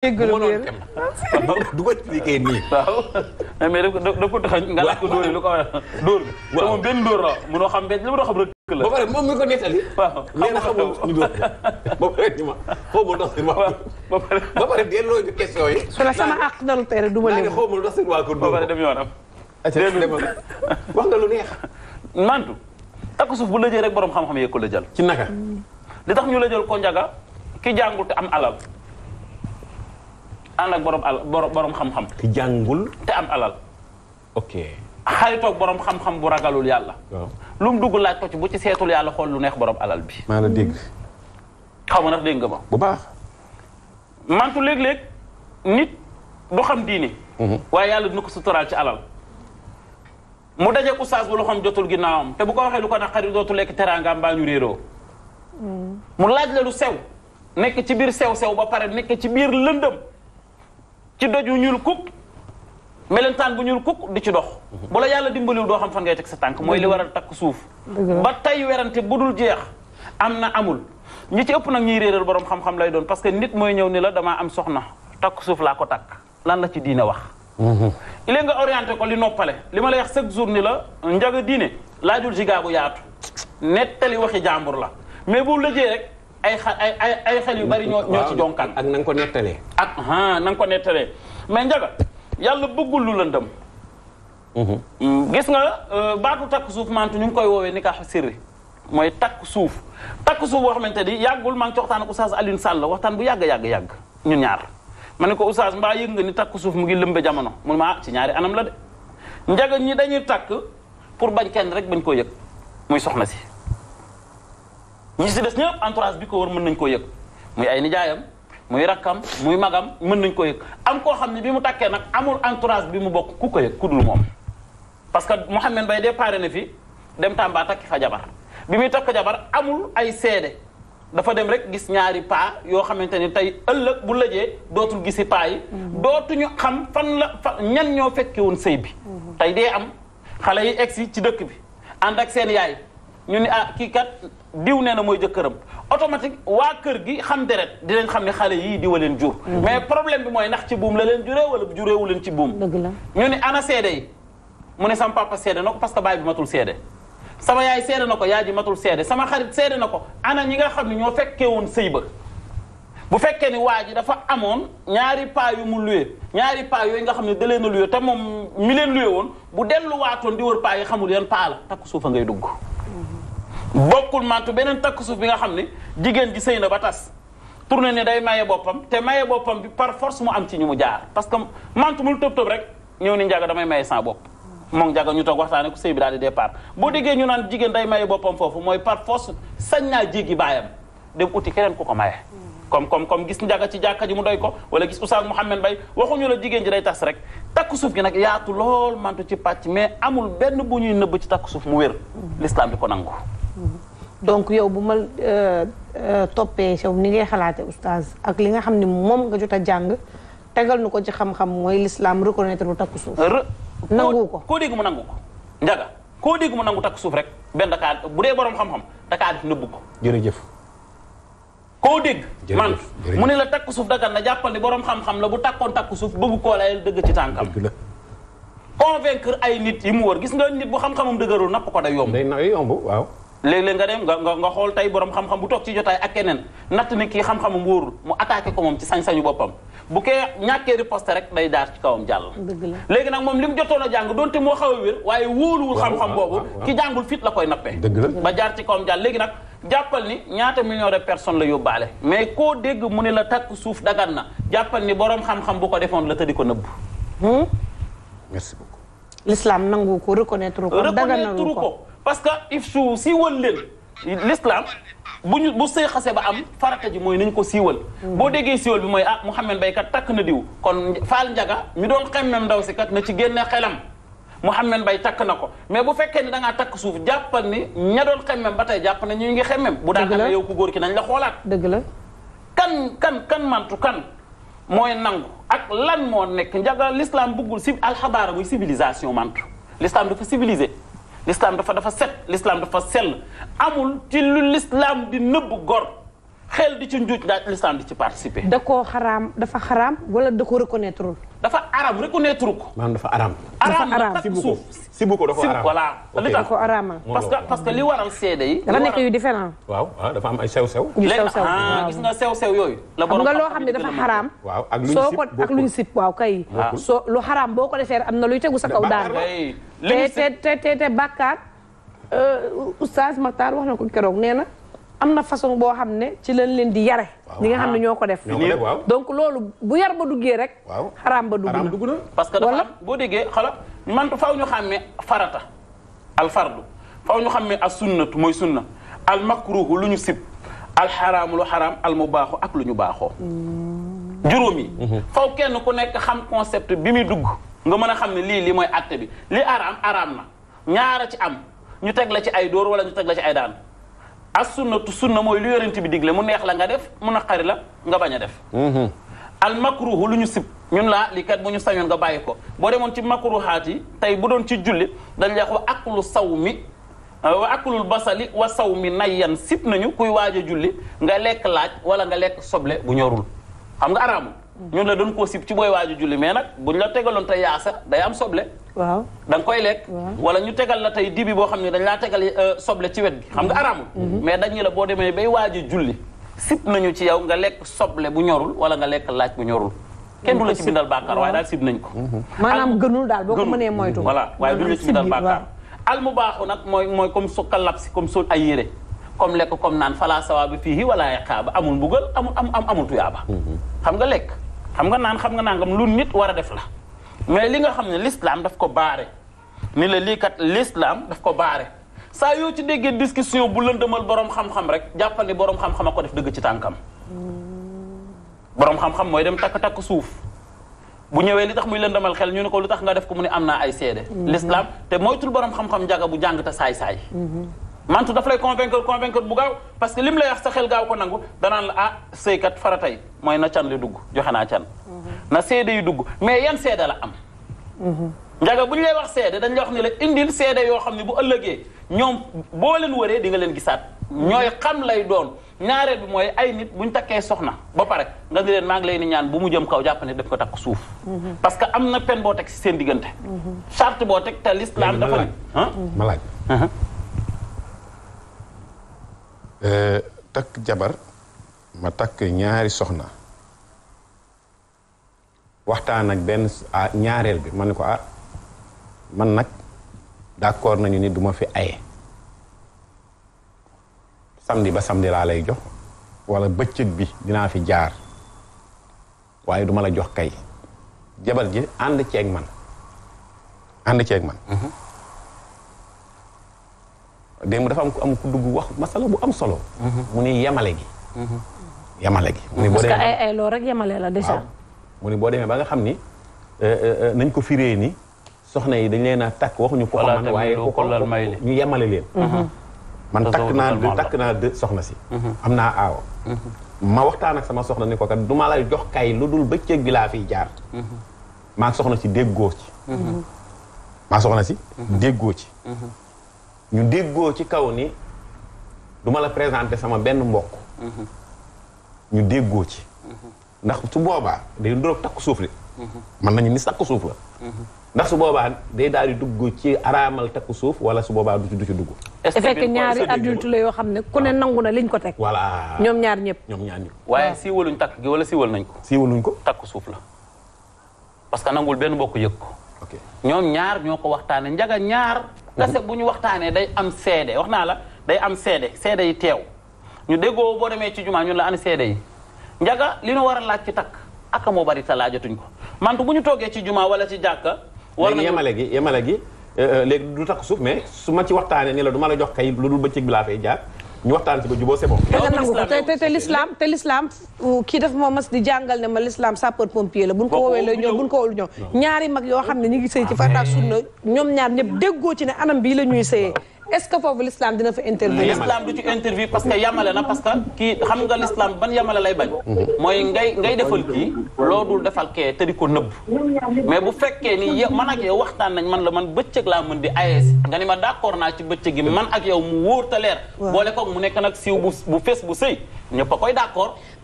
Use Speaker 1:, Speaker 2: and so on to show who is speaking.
Speaker 1: mënoon tem du ko a dóor. waaw te xam benn li ma doon xam rek la. ba pare moom du
Speaker 2: ma dem yoonam.
Speaker 1: wax nga lu neex. mantu takku suuf bu la rek borom xam-xam yee ko la jël. ci naka. li tax ñu la jël ko njaga ki jàngul am alal. ànd ak borom al borom xam-xam. ki jàngul. te am alal. ok xaritoog borom xam-xam bu ragalul yàlla.
Speaker 2: waaw
Speaker 1: dugg laaj ko ci bu ci seetul yàlla xool lu neex borom alal
Speaker 2: bi. maa la dégg.
Speaker 1: xaw ma ndax nga ma. bu baax. mantu léeg-léeg nit du xam diini. Mhm. waaye yàlla dina ko suturaal ci alal. mu daje oustaz bu xam jotul ginnaawam te bu ko waxee lu ko naqari dootu lekk teraangaam mbaa ñu mm. mu laaj la lu sew. nekk ci biir sew sew ba pare nekk ci biir lëndëm. ci doju ñuul kukk melentaan bu ñuul kukk di ci dox mhm. bu la yàlla dimbaliw doo xam fan ngay teg sa tànk mooy li mhm. waral takk suuf ba tey werante bu dul jeex am na amul ñi ci ëpp nag ñuy réeral borom xam-xam lay doon parce que nit mooy ñëw ni la dama am soxna takk suuf laa ko takk lan la ci diine wax mhm. il nga orienté ko li noppale li ma la wax chaque jour ni la njaga diine laajul ci gaagu yaatu nettali waxi jàmbur la mais bu lëjee rek ay xel ay ay xel yu bari ñoo ñoo ci
Speaker 2: jonkan ak na nga ko nettalee.
Speaker 1: ak ah na nga ko nettalee mais njaga yàlla bëggul lu lëndëm. Mhm. Mm, gis nga euh, baatu takk suuf mantu ñu ngi koy woowe ni kaaxu sirri mooy takk suuf takk suuf boo xamante ni yàggul maa ngi ci waxtaan ak oustaz Alioune Sall waxtaan bu yàgg yàgg yàgg ñu ñaar ma ne ko oustaz mbaa yëg nga ni takk suuf mu ngi lëmbe jamono mun maa ah, ci ñaari anam la de njaga ñi dañuy takk pour bañ kenn rek bañ koo yëg muy soxna si. ñi si des ñëpp entourage bi ko war mën nañ koo yëg muy ay nijaayam muy rakkam muy magam mën nañ ko yëg am koo xam ne bi mu takkee nag amul entourage bi mu bokk ku ko yëg ku dul moom xam que Mouhamed Mbaye déparé na fi dem Tamba takki fa jabar bi muy takk jabar amul ay seede dafa dem rek gis ñaari paa yoo xamante ni tey ëllëg bu lëjee dootul gisi paa yi mm-hmm. dootuñu xam fan la fa ñan ñoo fekke woon sëy bi mm-hmm. tey dee am xale yi egsi ci dëkk bi ànd ak seen yaay ñu ni ah kii kat diw nee na mooy jëkkëram automatique waa kër gi xam deret leen xam ne xale yii diwa leen jur mhm. mais problème bi mooy ndax ci buum la leen juree wala jureewu leen ci buum dëgg la ñu ni ana seede yi mu ne sama papa seede na ko parce que baay bi matul seede sama yaay seede na ko yaay ji matul seede sama xarit seede na ko ana ñi nga xam ne ñoo fekkee woon sëy ba bu fekkee ni waa ji dafa amoon ñaari paa yu mu luye ñaari paa yooyu nga xam ne da leen a luye te moom mi leen luye woon bu delluwaatoon di wër paa yi xamul yan paa la takku suufa ngay dugg bokkul mantu beneen takk suuf bi nga xam ne jigéen ji sëy na ba tas tourné ne day maye boppam te maye boppam bi par force mu am ci ñu mu jaar parce que mantu mul tëb tëb rek ñëw ni njaga damay maye sans bopp moom njaga ñu toog waxtaane ko sëy bi daal di départ boo déggee ñu naan jigéen day maye boppam foofu mooy par force sañ naa jéggi baayam dem uti keneen ku ko maye comme comme comme gis njaga ci jàkka ji mu doy ko wala gis Oustaz Mouhamed Mbaye waxuñu la jigéen ji day tas rek takku suuf gi nag yaatu lool mantu ci pàcc mais amul benn bu ñuy nëbb ci takku suuf mu wér l'islam di ko nangu donc yow bu ma euh, euh, toppee yow ni ngay xalaate oustaz ak li nga xam ne moom nga jot a jàng tegal nu ko ci xam-xam mooy lislaam reconnaître bu takku suuf. nangu ko koo dégg mu ko. njaga koo dégg mu nangu takku suuf rek benn dakaa bu dee boroom xam-xam dakaa def nëbbu ko. jërëjëf. koo dégg. man mu ne la takku suuf dagal na jàppal ni borom xam-xam la bu takkoon takku suuf bëgg koo dëgg ci tànkam. convaincre ay nit yi mu wër gis nga nit bu xam-xamam dëgërul napp ko day yomb. day yomb waaw. léeg nga dem nga nga xool tey borom xam bu toog ci jotaay ak keneen natt ni kii xam-xamam wóorul mu attaqué ko moom ci sañ-sañu boppam bu kee ñàkkee riposte rek day daar ci kawam jàll léegi nag moom li mu jotoon a jàng doonte moo xaw a wér waaye wóoluwul xam-xam boobu ki jàngul fit la koy nappee ba jaar ci kawam jàll léegi nag jàppal ni ñaata million de personnes la yóbbaale mais koo dégg mu ne la takk suuf dagan na jàppal ni borom xam-xam bu ko defoon la tëddi ko nëbb merci beaucoup l'islam nangu ko reconnaître ko daganal ko parce que if su siiwal leen l'islam bu ñu bu sëy xase ba am farata ji mooy nañ ko siiwal hmm. boo déggee siiwal bi mooy ah Mouhamed Mbaye kat takk na diw kon Faal Njaga mi doon xemmem ndaw si kat na ci génne xelam Mouhamed bay takk na ko mais bu fekkee ni da ngaa takk suuf jàppal ni ña doon xemmem ba tey jàpp na ñu ngi xemmem bu daan amee yow ku góor ki nañ la xoolaat dëgg la kan kan kan mantu kan mooy nangu ak lan moo nekk njaga l'islam buggul si alxabaara muy civilisation mantu l'islam dafa civilisé l'islam dafa dafa set l'islam dafa sell amul ci lu l'islam di nëbb gor xel di ci njuuj ndaaj l'islam di ci participer. da koo xaram dafa xaraam wala da ko reconnaître dafa aram reconnaître ko.
Speaker 2: maanaam dafa aram. dafa aram suuf
Speaker 1: parce que parce que li waral seede yi. dafa nekk yu différent. waaw ah, dafa am ay sew sew. yu sew ah, nga sew sew yooyu. la borom xam nga loo xam ne waaw ak luñ sip ak ah. boo ko defee am na luy tegu sa kaw daan. léegi te te te te bàkkaar euh, oustaz Makhtar wax na ko keroog nee na. am na façon boo xam ne ci lañ leen di yare ñi nga xam ne ñoo ko def donc loolu bu yar ba duggee rek xaraam ba dugg na parce que dafa boo déggee xala man faw ñu xàmme farata al fardu faw ñu xàmme as sunnatu mooy sunna al makruhu lu ñu sib al xaraamu lu xaraam al mu baaxu ak lu ñu baaxoo juróom yi mhm. faw kenn ku nekk xam concept bi muy dugg nga mën a xam ne lii lii mooy acte bi lii araam araam na ñaara ci am ñu teg la ci ay door wala ñu teg la ci ay daan as sunnatu sunna mooy lu yorent bi digle mu neex la nga def mu naqari la nga bañ a def mhm. al makruhu lu ñu sib ñun laa li kat bu ñu sañoon nga bàyyi ko boo demoon ci makruhaat yi tey bu doon ci julli dañ lay wax aklu sawmi wa aklul basali wa saw sawmi nayyan sib nañu kuy waaj a julli nga lekk laaj wala nga lekk soble bu ñorul xam nga araamul ñun la doon koo sib ci booy waaju julli mais nag ñu la tegaloon tey yaasa day am soble. waaw da nga koy lekk. wala ñu tegal la tey dibi boo xam ne dañ laa tegal euh, soble ci gi xam nga araamul. Mhm. mais dañu la boo demee bay waaju julli sib nañu ci yow nga lekk soble bu ñorul wala nga lekk laaj bu ñorul. kenn du la ci bindal bàkkaar waaye daal sib nañ ko. Mhm. maanaam gënul daal boo ko mënee moytu. voilà waaye du la ci bindal bàkkaar al mu baaxu nag mooy mooy comme su kalabsi comme sol ay yére comme lekk comme naan fala sawaaba fiihi wala iqaaba amul mbugal amul am am amul tuyaaba mhm. xam nga lekk xam nga naan xam nga nangam lu nit war a def la mais li nga xam ne l'islam daf ko baare ni la lii kat l'islam daf ko baare saa yoo ci déggee discussion bu lëndëmal borom xam-xam rek jàppal ni borom xam-xam a ko def dëgg ci tànkam. borom xam-xam mooy dem takk-takk suuf bu ñëwee li tax muy lëndëmal xel ñu ne ko lu tax nga def ko mu ne am naa ay seede. Mhm. l'islam te moytul borom xam-xam jaga bu jàng te saay-saay. Mhm. mantu daf lay convaincre convaincre bu gaaw parce que lim lay sa xel gaaw ko danaan la ah sëykat faratay mooy na can li dugg joxe naa can na seede yu dugg mais yan seede la am njaga bu ñu lay wax seede dañ la wax ne la indil seede yoo xam ne bu ëllëgee ñoom boo leen waree di nga leen gisaat ñooy xam lay doon ñaareel bi mooy ay nit bu takkee soxna ba pare nga di leen lay ni ñaan bu mu jëm kaw jàpp ne daf ko takk suuf parce que am na peine boo teg si seen diggante charte boo teg te l'islam dafa ne ah?
Speaker 2: ma laaj euh, takk jabar ma takk ñaari soxna waxtaan ak benn ah, ñaareel bi ma ne ko ah man nag d'accord nañu ni duma fi aye samedi ba samedi laa lay jox walla bëccëg bi dinaa fi jaar waaye duma la jox kay jabar ji ànd ceeg man ànd ceeg man mhm. démb dafa am ku am dugg wax masala bu am solo mhm. mu ni yemale gi mhm. yamale gi. mu ni boo demee
Speaker 1: ay ay loo rek yamale la déjà.
Speaker 2: mu boo demee ba nga xam ni euh, euh, euh, nañ ko firee ni soxna yi dañ leen a takk waxuñu ku ko man waaye ku ko ñu yemale leen. Mhm. Mhm. man takk naa de naa de soxna si. Mhm. am naa aawa. ma waxtaan ak sama soxna ni ko kat du ma jox kay lu dul ba bi laa fiy jaar. maa soxna si déggoo ci. maa soxna si. déggoo ci. ñu déggoo ci kaw ni du la présenté sama benn mbokk. ñu déggoo ci ndax su boobaa day ndoróog takku suuf li mën nañu ni takku suuf ndax su boobaa day daal di dugg ci araamal takku suuf wala su boobaa du ci du ci dugg fekk ñaari adulte
Speaker 1: la yoo xam ne ku ne nangu na liñ ko teg
Speaker 2: voilà ñoom ñaar ñëpp ñoom ñaar waaye siiwaluñ takk gi wala siiwal nañ ko siiwaluñ ko takku suuf la
Speaker 1: parce que nangul benn bokk yëg ko ñoom ñaar ñoo ko waxtaanee njaga ñaar mhm. kase bu ñu waxtaanee day am seede wax naa la day am seede seede yi teew ñu déggoo boo demee ci jumaa ñun la ani seede yi njaga li ñu war a laaj ci takk aka moo bari ta
Speaker 2: laajatuñ ko mantu bu ñu toogee ci jumaa wala ci jàkka war na yemale gi yemale gi euh, euh, léegi du takk suuf mais su ma ci waxtaanee ni la du ma la jox kay lu dul bëccëg bi laa fay jaar ñu waxtaan ci ba juboo c'est bon te
Speaker 1: te l'islam kii daf moo mas di jàngal ne ma l'islam sapeur pompier la buñ ko woowee la ñëw buñ ko woowul ñëw ñaari mag yoo xam ne ñu ngi sëy ci farata sunna ñaar ñëpp déggoo ci ne anam bii la ñuy sëyee est-ce que foofu l'islam dina fa intervenir l'islam du ci interview parce que yamale na parce que kii xam nga l'islam ban yamale lay bañ mhm. mooy ngay ngay defal kii loo dul defal kee te di ko nëbb mais bu fekkee ni man ak yow waxtaan nañ man la man bëccëg laa mën di ayees nga ni ma d'accord naa ci bëccëg gi man ak yow mu wóor ta leer boole koog mu nekk nag siiw bu bu fees bu sëy ñëpp a koy d'accord